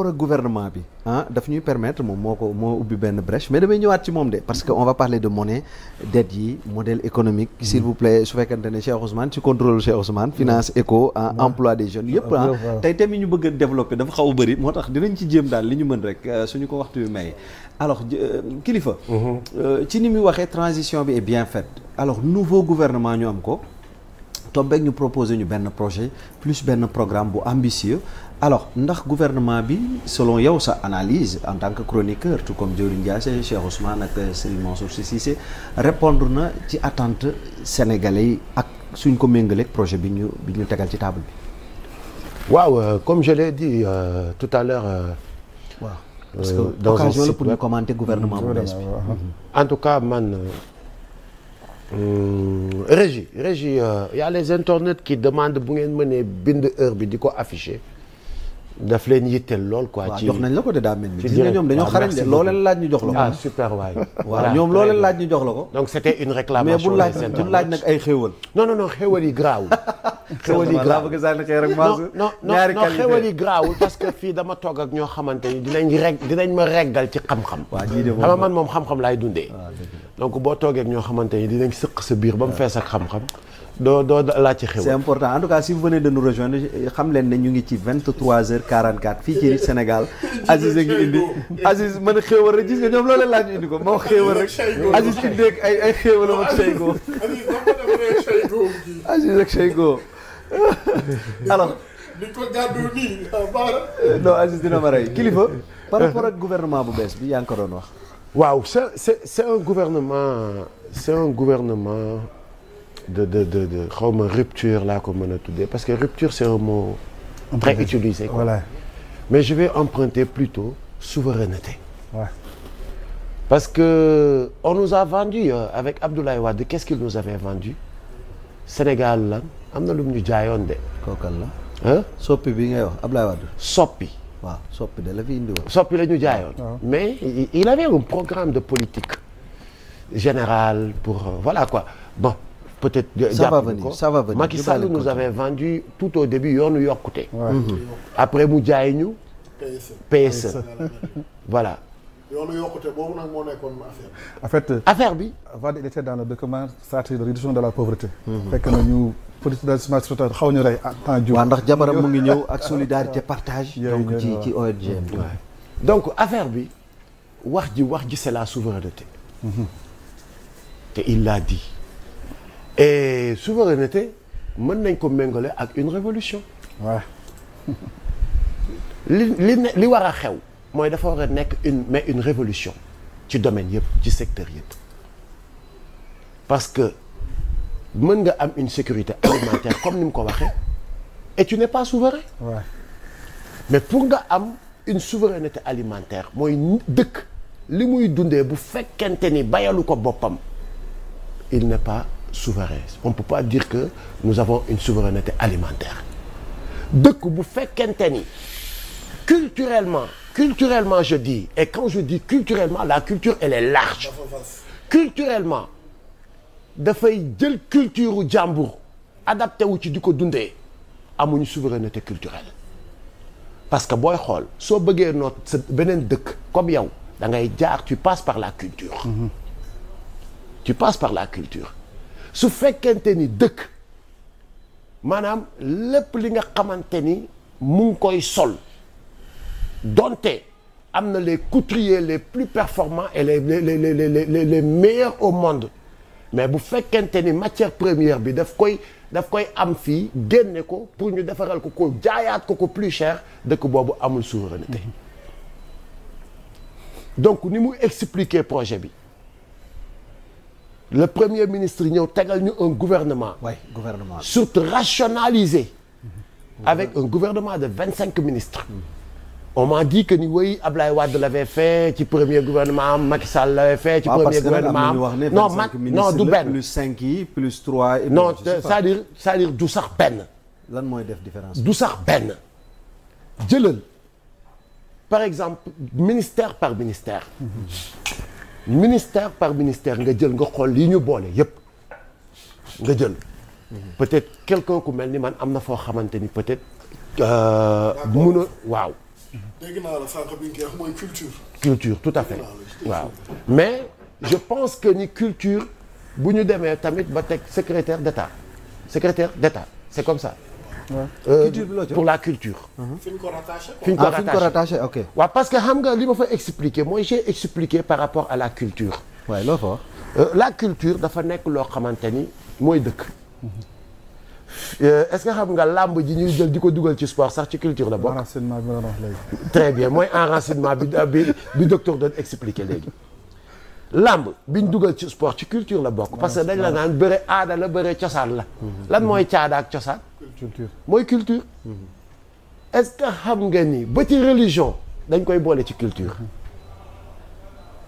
pour gouvernement bi ah daf ñuy permettre moom moo ko moo ubbi benn brèche mais damay ñëwaat ci moom de parce que on va parler de monnaie dette yi modèle économique mm-hmm. s'il vous plaît su fekkante ne Cheikh Ousmane ci contrôle Cheikh Ousmane finance éco ah, emploi des jeunes yëpp ah tey thème yi ñu bëgg a développer dafa xaw a moo tax dinañ ci jéem daal li ñu mën rek euh, suñu ko waxtu bi may alors euh, kilifa mm-hmm. euh, ci ni muy waxee transition bi est bien faite alors nouveau gouvernement ñu am ko tombeek ñu proposé ñu benn projet plus benn programme bu ambitieux alors ndax gouvernement bi selon yow sa analyse en tant que chroniqueur tout comme Diori Ndiaye Cheikh Ousmane ak Serigne Mansour Sy Cissé répondre na ci attente sénégalais yi ak suñ ko méngaleeg projet bi ñu bi ñu tegal ci table bi. waaw euh, comme je l'ai dit euh, tout à l'heure euh, waaw euh, parce que occasion la pour ñu commenter bu bees mhm. en tout cas man. Euh, régie régie euh, y a les internautes qui demandent bu ngeen mënee bind heure bi di ko afficher daf leen yitteel lool quoi. ci jox nañ la ko de daa mel ni. ci ñoom dañoo ah, xarañ laaj ñu jox la ko. ah super waay. voilà ñoom loo jox la ko. donc c'était une réclamation. mais bu laaj bu laaj nag ay xéwal. non non non xéwal yi graawul. xéwal yi graawul rek non non non xéwal yi graawul parce que fii dama toog ak ñoo xamante ni dinañ reg dinañ ma reggal ci xam-xam. waaw ji de moom xam man moom xam-xam laay dundee. donc boo toogee ñoo xamante ni dinañ sëq sa biir ba mu fees ak xam-xam. doo doo laaj ci xew. c'est important en tout cas si vous venez de nous rejoindre ne ñu ngi ci 23h44 fii ci Sénégal. Aziz a ngi indi Aziz man xéewal rek gis nga ñoom loolu laaj ñu indi ko ma wax xéewal rek. Aziz indi ak ay ay xéewal ak Seygo. Aziz ak Seygo. alors. ni dina ma rey kilifa. par rapport ak gouvernement bu bees bi yaa ngi ko doon wax. waaw c'est c'est c'est un gouvernement c'est un gouvernement de de de de xaw ma rupture laa ko mën a tuddee parce que rupture c'est un mot très utilisé quoi voilà. mais je vais emprunter plutôt souveraineté ouais. parce que on nous a vendu euh, avec Abdoulaye Wade qu'est-ce qu'il nous avait vendu Sénégal lan am na lu mu ñu jaayoon de. kooku la. ah soppi bi ngay wax Abdoulaye Wade. soppi. waaw soppi de la fi indiwoon. soppi la ñu jaayoon. mais il avait un programme de politique générale pour euh, voilà quoi bon. peut-être jàpp ko ça va venir Macky Sall nous avait vendu tout au début yoonu yokkute. après mu jaay ñu. PSE e. e. voilà. yoonu yokkute boobu nag moo nekkoon affaire bi. en fait affaire bi. avant il était dans le document la pauvreté. fekk na ñu politique d'assainissement sociale xaw ñu rey temps jiw. waaw ndax jabaram mu ngi ñëw ak solidarité partage. donc ci ci ONGM. Mm-hmm. donc affaire bi wax ji wax ji c'est la souveraineté. Mm-hmm. te il l'a dit. et souveraineté mën nañ ko méngale ak une révolution li li li war a xew. mooy dafa war a nekk une mais une révolution ci domaine yëpp ci secteur yëpp parce que mën nga am une sécurité alimentaire comme ni mu ko waxee et tu n'es pas souverain mais pour nga am une souveraineté alimentaire mooy dëkk li muy dundee bu fekkente ni bayalu ko boppam il n'est pas souverain on peut pas dire que nous avons une souveraineté alimentaire dëkk bu fekkente ni culturellement culturellement je dis et quand je dis culturellement la culture elle est large culturellement dafay jël culture u jàmbur adapté wu ci di ko dundee amuñu souveraineté culturelle parce que booy xool soo bëggee noot beneen dëkk comme yow da ngay jaar tu passes par la culture mm -hmm. tu passes par la culture su fekkente ni dëkk maanaam lépp li nga xamante ni mu ngi koy sol donte am na les coutrier les plus performants et les les les les les les meilleurs au monde mais bu fekkente ni matière première bi daf koy daf koy am fii génne ko pour ñu defaral ko ko jaayaat ko ko plus cher dëkk boobu amul souveraineté donc ni mu expliquer projet bi le premier ministre ñëw tegal ñu un gouvernement. oui gouvernement surtout rationalisé. Mm-hmm. avec un gouvernement de vingt cinq ministres. Mm-hmm. on m'a dit que ni oui Ablaye Wade la fait ci premier gouvernement Macky Sall l'avait fait. ci premier gouvernement non man no du benn plus 5 yi plus 3. et non c'est-à-dire c'est-à-dire du sax benn. lan mooy def différence du sax benn. jëlal par exemple ministère par ministère. Mhm. ministère par ministère nga jël nga xool yi ñu boole yépp nga jël. Mhm. peut-être quelqu'un ku mel ni man am na foo xamante ni peut-être. Euh, mën waaw. dégg naa la sànq bi nga mooy culture. culture tout à fait waaw mais je pense que ni culture bu ñu demee tamit ba teg secrétaire d'État secrétaire d'État c'est comme ça. Euh, pour la culture. Mhm. fi ñu ko rattaché ah, fi ñu ko rattaché ok. parce que xam nga li ma fa expliqué mooy j'ai expliqué par rapport à la culture. waaw loo fa wax. Euh, la culture dafa nekk loo xamante ni mooy dëkk. Mhm. Euh, est-ce que xam nga làmb ji ñuy jël di ko dugal ci sport sax ci culture la bokk. enracinement bi nga wax très bien mooy enracinement bi euh, bi bi docteur doon expliquer léegi. làmb biñ dugal ci sport ci culture la bokk. parce que dañ la naan bëre aada la bëre cosaan la. lan mooy caada ak cosaan. culture mooy culture. Mhm. est-ce que xam nga ni ba ci religion dañ koy boole ci culture.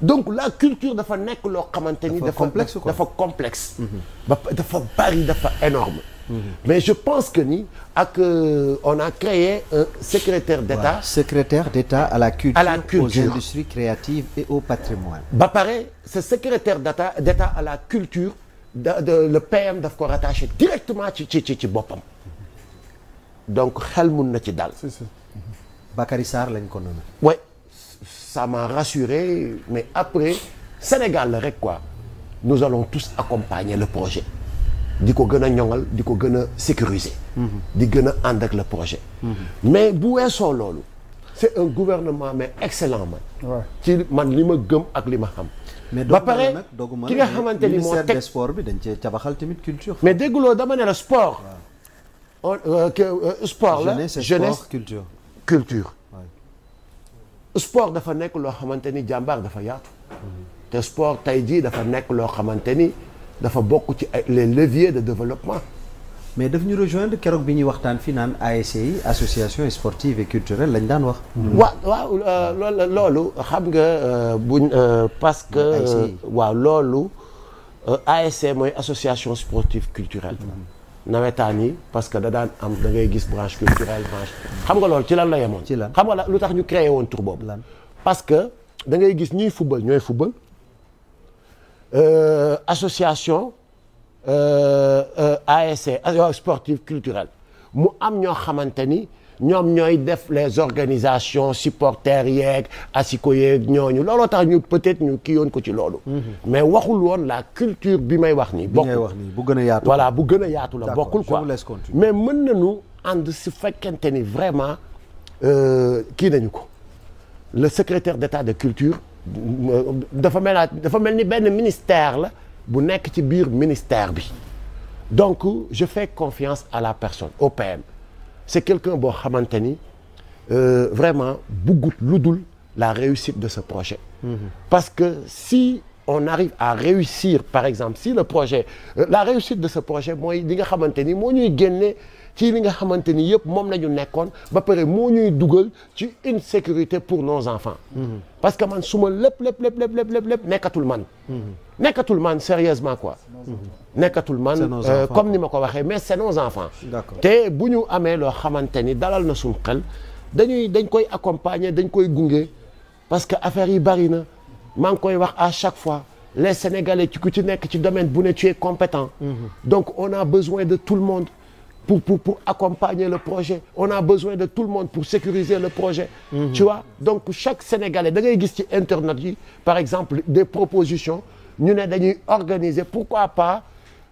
donc la culture dafa nekk loo xamante ni dafa complexe dafa complexe mhm. ba dafa bari dafa énorme mhm. mais je pense que nii ak euh, on a créé un secrétaire d'État secrétaire d'État à la culture à la culture aux industries créatives et au patrimoine ba pare ce secrétaire d'État d'État à la culture de le PM daf ko rattaché directement ci ci ci boppam donc xel mun na ci daal Bakary Sarr lañ ko ça m'a mais après Sénégal la rek quoi nous allons tous accompagner le projet di ko gën a ñoŋal di ko gën a sécuriser mhm. di gën a ànd ak le projet mhm. mais bu weesoo loolu c'est un gouvernement mais excellent man ci man li ma gëm ak li ma xam ba pare ki nga xamante ni moo teg bi dañ cee cabaxal tamit culture mais dégguloo dama ne la sport euh, euh, sport la jeunesse culture culture sport dafa nekk loo xamante ni jàmbaar dafa yaatu. te sport tey jii dafa nekk loo xamante ni dafa bokk ci les leviers de développement. mais daf ñu rejoindre keroog bi ñuy waxtaan fii naan ASC yi association sportive et culturelle lañ daan wax. Mm-hmm. waaw waaw euh, loolu loolu xam nga euh, buñ euh, parce que. waaw loolu ASC mooy association sportive culturelle. Mm-hmm. nawetaan yi parce que da daan am da ngay gis branche culturelle branche xam nga loolu ci la la yemoon. ci lan xam nga lu tax ñu créé woon tur boobu. parce que da ngay gis ñuy football ñooy football euh, association euh, euh, ASC sportive culturelle mu am ñoo xamante ni. ñoom ñooy def les organisations supporters yeeg asiko yeeg ñooñu looloo tax ñu peut-être ñu kii yoon ko ci loolu. Mhm. mais waxul woon la culture bi may wax nii. bokkul wax nii bu gën a yaatu. bu gën a yaatu la bokkul quoi mais mën nañu ànd si fekkente ni vraiment euh, kii nañu ko le secrétaire d'État de culture euh, dafa mel dafa mel ni benn ministère la bu nekk ci biir ministère bi donc je fais confiance à la personne au PM. c'est quelqu'un boo xamante ni euh, vraiment buggut lu dul la réussite de ce projet mhm. parce que si on arrive à réussir par exemple si le projet euh, la réussite de ce projet mooy li nga xamante ni moo ñuy génne ci li nga xamante ni yëpp moom la ñu nekkoon ba pare moo ñuy dugal ci une sécurité pour nos enfants mhm. parce que man suma ma lépp lépp lépp lépp lépp lépp lépp nekkatul man mhm. nekkatul man sérieusement quoi nekkatul man euh, comme ni ma ko waxee mais c'est nos enfants te bu ñu amee loo xamante ni dalal na suñ xel dañuy dañ koy accompagner dañ koy gunge parce que affaire yi bari na maa ngi koy wax à chaque fois les Sénégalais ci ku ci nekk ci domaine bu ne tu es compétent mhm. donc on a besoin de tout le monde pour pour pour accompagner le projet on a besoin de tout le monde pour sécuriser le projet. Mmh. tu donc chaque sénégalais da gis ci internet yi par exemple des propositions ñu ne dañuy organiser pourquoi pas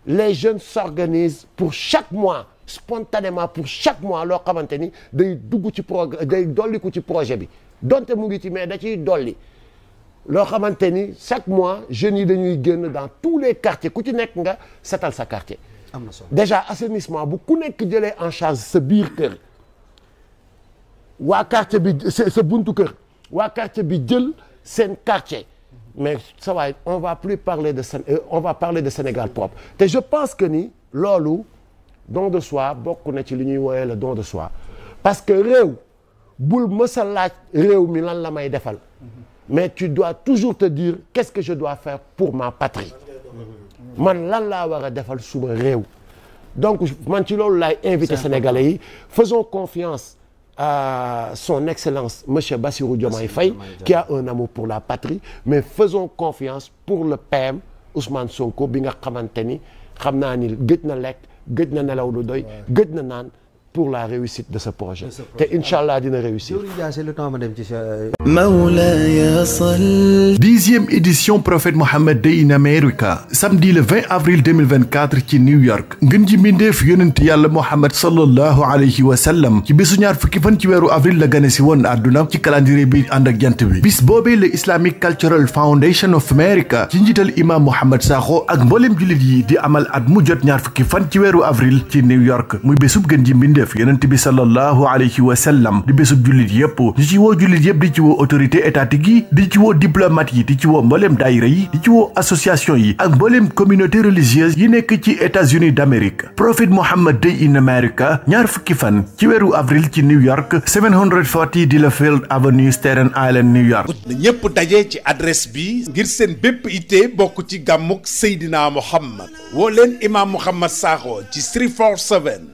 les jeunes s'organisent pour chaque mois spontanément pour chaque mois loo xamante ni day dugg ci progr day dolliku ci projet bi donte mu ngi ci mais da ciy dolli. loo xamante ni chaque mois jeunes yi dañuy génn dans tous les quartiers ku ci nekk nga setal sa quartier. am na solo déjà assainissement bu ku nekk jëlee en charge sa biir kër waa quartier bi sa buntu kër waa quartier bi jël seen quartier mais ça on va plus parler de Sén euh, on de Sénégal propre te je pense que ni loolu don de soi bokk na ci lu ñuy wooyee le don de soi parce que réew bul mës réew mi lan la may defal mais tu dois toujours te dire qu'est-ce que je dois faire pour ma patrie man lan laa war a defal suma réew donc man ci loolu laay invité sénégalais yi faisons confiance à son excellence monsieur Bassirou Diomaye Faye qui a un amour pour la patrie mais faisons confiance pour le PM Ousmane Sonko bi nga xamante ni xam naa ni gëj na lekk gëj na nelaw lu doy gëj na naan pour la réussite de ce projet te incha allah dina réussir. Euh, dixième édition Prophet Muhammad Day in America samedi le 20 avril 2024 ci New York ngën ji mbindeef yonent yàlla Muhammad sallallahu alayhi wa sallam ci bésu ñaar fukki fan ci weeru avril la gane si woon àdduna ci calendrier bi ànd ak jant bi bis boobee le Islamic Cultural Foundation of America ci njiital imam Mouhamed Sakho ak mboolem jullit yi di amal at mu jot ñaar fukki fan ci weeru avril ci New York muy bésub gën ji mbindeef kilifteef yonent bi sallallahu alayhi di bésub jullit yépp di ci woo jullit yépp di ci woo autorité étatique yi di ci woo diplomate yi di ci woo mbooleem daayira yi di ci woo association yi ak mbooleem communauté religieuse yi nekk ci États-Unis d'Amérique Prophet Muhammad Day in America ñaar fukki fan ci weeru avril ci New York 740 Delafield Avenue Staten Island New York na ñépp daje ci adresse bi ngir seen bépp ittee bokk ci gàmmuk Seydina Muhammad woo leen Imam Muhammad Sakho ci 347